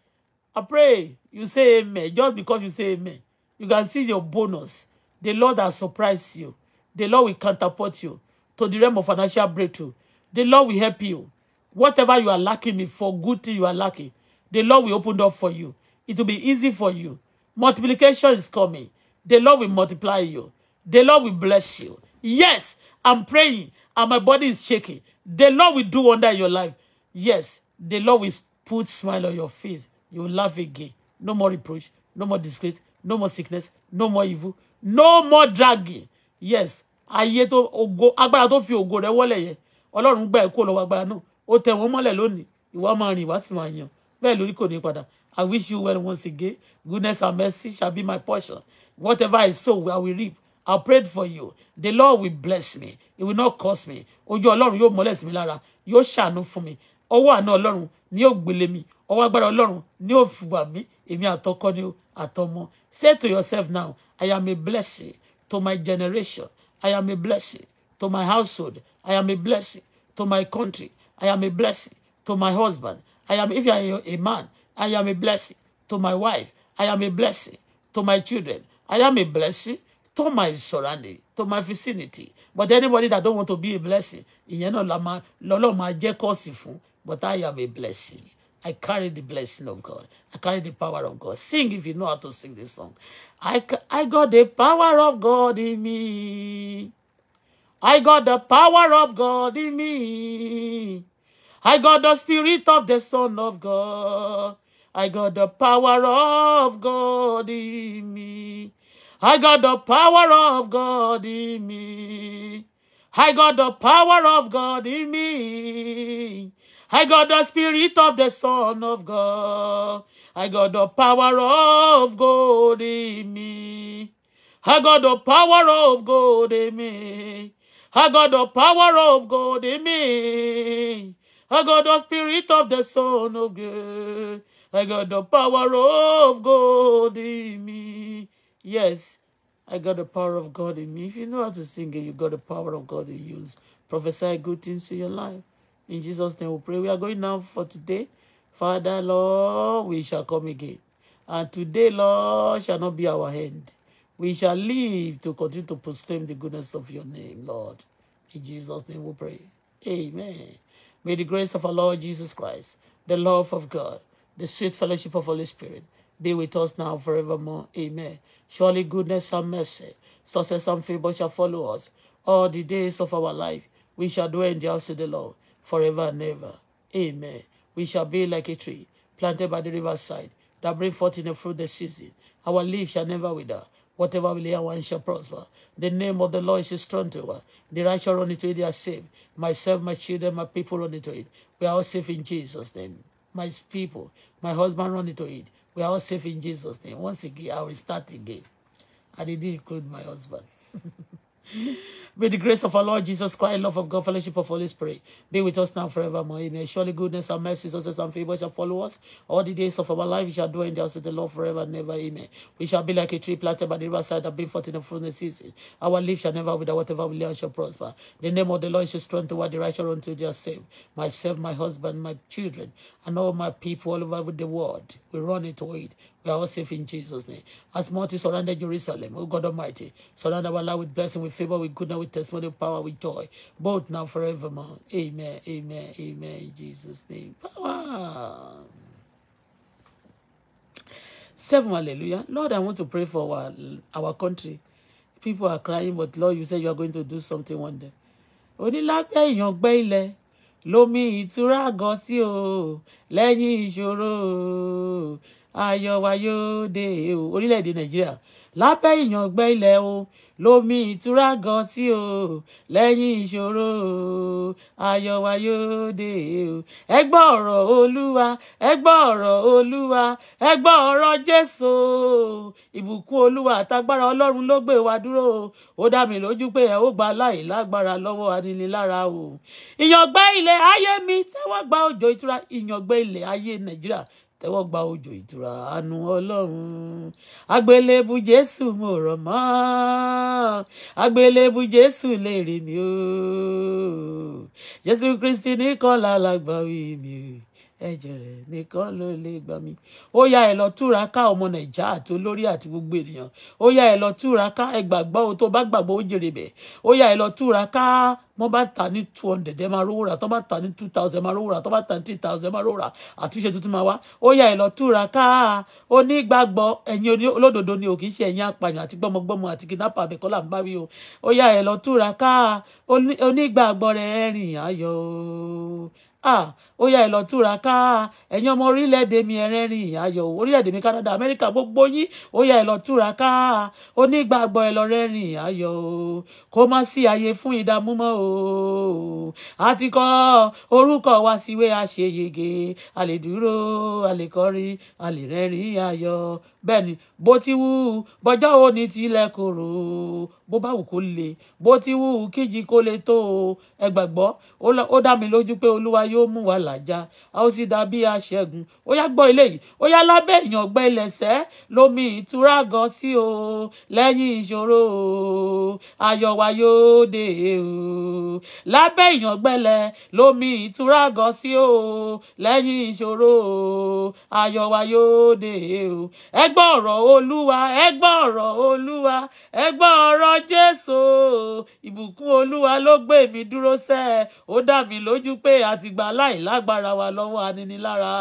I pray you say amen. Just because you say amen, you can see your bonus. The Lord has surprised you. The Lord will counterport you to the realm of financial breakthrough. The Lord will help you. Whatever you are lacking before, good thing you are lacking, the Lord will open up for you. It will be easy for you. Multiplication is coming. The Lord will multiply you. The Lord will bless you. Yes, I'm praying and my body is shaking. The Lord will do wonder in your life. Yes, the Lord will put smile on your face you will laugh again. No more reproach, no more disgrace, no more sickness, no more evil, no more dragging. Yes, ayé tó ògo agbára tó fi ògo rẹ̀ wọ́lẹ̀ yẹn. Ọlọ́run gbà ẹ́ kó lọ́wọ́ agbára náà. Ó tẹ̀ wọ́n mọ́lẹ̀ lónìí. Ìwà máa rìn ìwà sì máa yàn. Bẹ́ẹ̀ lórí kò ní padà. I wish you well once again. Goodness and mercy shall be my portion. Whatever I sow, I will reap. I prayed for you. The Lord will bless me. He will not curse me. Ojú Ọlọ́run yóò mọ́lẹ̀ sí mi lára. Yóò ṣàánú fún me ọwọ́ àná ọlọ́run ni yóò gbélé mi ọwọ́ agbára ọlọ́run ni yóò fìwà mí èmi àtọkọ ni o àtọmọ say to yourself now i am a blessing to my generation i am a blessing to my household i am a blessing to my country i am a blessing to my husband i am if I am a man i am a blessing to my wife i am a blessing to my children i am a blessing to my surrounding to my vicinity but anybody that don't want to be a blessing ìyẹn náà lọ́lọ́ máa jẹ́ kọ́ọ̀sì fún but I am a blessing. I carry the blessing of God. I carry the power of God. Sing if you know how to sing this song. I, I got the power of God in me. I got the power of God in me. I got the spirit of the Son of God. I got the power of God in me. I got the power of God in me. I got the power of God in me. I got the spirit of the Son of God. I got the power of God in me. I got the power of God in me. I got the power of God in me. I got the spirit of the Son of God. I got the power of God in me. Yes, I got the power of God in me. If you know how to sing it, you got the power of God in you. Prophesy good things to your life. In Jesus' name we pray. We are going now for today. Father, Lord, we shall come again. And today, Lord, shall not be our end. We shall live to continue to proclaim the goodness of your name, Lord. In Jesus' name we pray. Amen. May the grace of our Lord Jesus Christ, the love of God, the sweet fellowship of Holy Spirit be with us now forevermore. Amen. Surely goodness and mercy, success and favor shall follow us all the days of our life. We shall dwell in the house of the Lord forever and ever. Amen. We shall be like a tree planted by the riverside that bring forth in the fruit the season. Our leaves shall never wither. Whatever we lay one shall prosper. The name of the Lord is a strong tower. The righteous run into it, they are saved. Myself, my children, my people run into it. We are all safe in Jesus' name. My people, my husband run into it. We are all safe in Jesus' name. Once again, I will start again. I didn't include my husband. May the grace of our Lord Jesus Christ, love of God, fellowship of Holy Spirit be with us now forevermore. Amen. Surely goodness and mercy, success and favor shall follow us all the days of our life. We shall dwell in the house of the Lord forever and ever. Amen. We shall be like a tree planted by the riverside that bring forth in the fullness season. Our leaf shall never wither, whatever we lay shall prosper. The name of the Lord is strong toward the righteous unto their save. Myself, my husband, my children, and all my people all over the world. We run into it. We are all safe in Jesus' name. As multi surrounded Jerusalem, O God Almighty, surround our life with blessing, with favor, with goodness, with testimony, with power, with joy, both now forevermore. Amen, amen, amen. In Jesus' name. Power. Seven, hallelujah. Lord, I want to pray for our, our country. People are crying, but Lord, you said you are going to do something one day. onílágbé èèyàn gbé ilẹ̀ lómi ìtura gan sí o lẹ́yìn ìṣòro ayọ̀ wayo de dé o orílẹ̀-èdè nàìjíríà lábẹ́ ìyàngbẹ́ ilẹ̀ o lomi ìtura gan sí o lẹ́yìn ìṣòro o wayo de o ẹ gbọ́ ọ̀rọ̀ olúwa ẹ gbọ́ ọ̀rọ̀ olúwa ẹ gbọ́ ọ̀rọ̀ jésù ìbùkún olúwa àtagbára ọlọ́run ló gbé wa dúró o ó dá mi lójú pé ẹ ó gba láì lágbára lọ́wọ́ aninilára o ìyàngbẹ́ ilẹ̀ ayé mi tẹ́wọ́ gba òjò ìtura ìyàngbẹ́ ilẹ̀ ayé nàìjíríà tẹ́wọ́ gba òjò ìtura àánú ọlọ́run agbélébù jésù mo rọ̀ mọ́ agbélébù jésù lè rí mi o jésù kristi nìkan làlágbà wí mi o ẹ̀jẹ̀ rẹ̀ nìkan ló lè gbà mí. ó yá ẹ lọ túraká ọmọ nàìjà àti olórí àti gbogbo ènìyàn ó yá ẹ lọ túraká ẹ gbàgbọ́ o tó bá gbàgbọ́ ó jèrè bẹ̀ ó yá ẹ lọ túraká wọ́n bá ta ní two hundred ẹ máa rówó rà tó bá ta ní two thousand ẹ máa rówó rà tó bá ta ní three thousand ẹ máa rówó rà àtúnṣe tuntun máa wá ó yá ẹ lọ túraká onígbàgbọ́ ẹ̀yin olódodo ni ò kì í ṣe ẹ̀yin apààyàn àti gbọ́mọgbọ́mọ àti kidnapper àbẹ̀kọ́là ń bá wí o ó yá ẹ lọ túraká onígbàgbọ́ rẹ̀ ẹ̀rìn ayọ̀ ó yá ẹ lọ túraká ẹ̀yin ọmọ orílẹ̀-èdè mi ẹ̀rẹ́rìn ayọ̀ orílẹ̀-èdè mi Canada Amẹ́ríkà gbogbo yín ó yá ẹ lọ túraká onígbàgbọ́ ẹ lọ rẹ́rìn ayọ̀ kó má sí àyè fún ìdààmú mọ́ o àti kọ orúkọ wa síwé àṣeyege a dúró a kọrin a rẹ́rìn ayọ̀ bẹ́ẹ̀ ni bó ti wù ú bọjọ́ ò ní tilẹ̀ kòrò bó bá wù kó le bó ti wù ú kíji kó le tó o ẹ ó dá mi lójú pé olúwa yóò mú wa làjà a ó sì dà bí aṣẹ́gun ó yá gbọ́ ilé ó yá lábẹ́ èèyàn ọgbẹ́ ilẹ̀ṣẹ́ lomi ìtura gan sí o lẹ́yìn ìṣòro o ayọ̀ wa yóò dé o lábẹ́ èèyàn ọgbẹ́lẹ̀ lomi ìtura gan sí o lẹ́yìn ìṣòro o ayọ̀ wa yóò dé o ẹ gbọ́ ọ̀rọ̀ olúwa ẹ gbọ́ ọ̀rọ̀ olúwa ẹ gbọ́ ọ̀rọ̀ jésù ìbùkún olúwa ló gbé mi dúró sẹ́ ó dá mi lójú pé àtìgbà láì lágbára wa lọ́wọ́ aninilára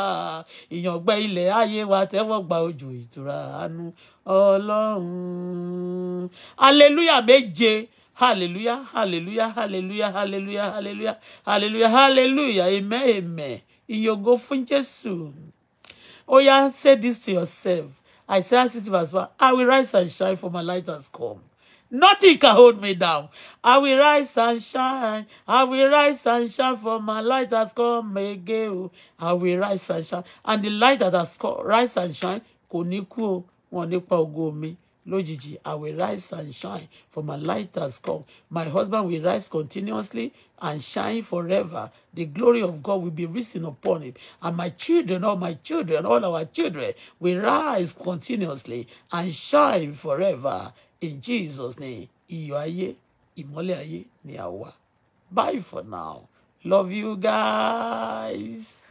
ìyàngbẹ ilẹ̀ ayé wa tẹ́wọ́ gba òjò ìtura àánú ọlọ́run hallelujah méje hallelujah hallelujah hallelujah hallelujah hallelujah hallelujah hallelujah amen amen ìyógo fún jésù. Oh yeah, say this to yourself. Isaiah 60 verse 1. I will rise and shine for my light has come. Nothing can hold me down. I will rise and shine. I will rise and shine for my light has come again. I will rise and shine. And the light that has come, rise and shine, kò ní kú o, wọn lójijì i will rise and shine for my light has come my husband will rise continuously and shine forever the glory of god will be risen upon him and my children all my children all our children will rise continuously and shine forever in jesus name iyọ̀ ayé ìmọ́lẹ̀ ayé ni àwa bye for now love you guys.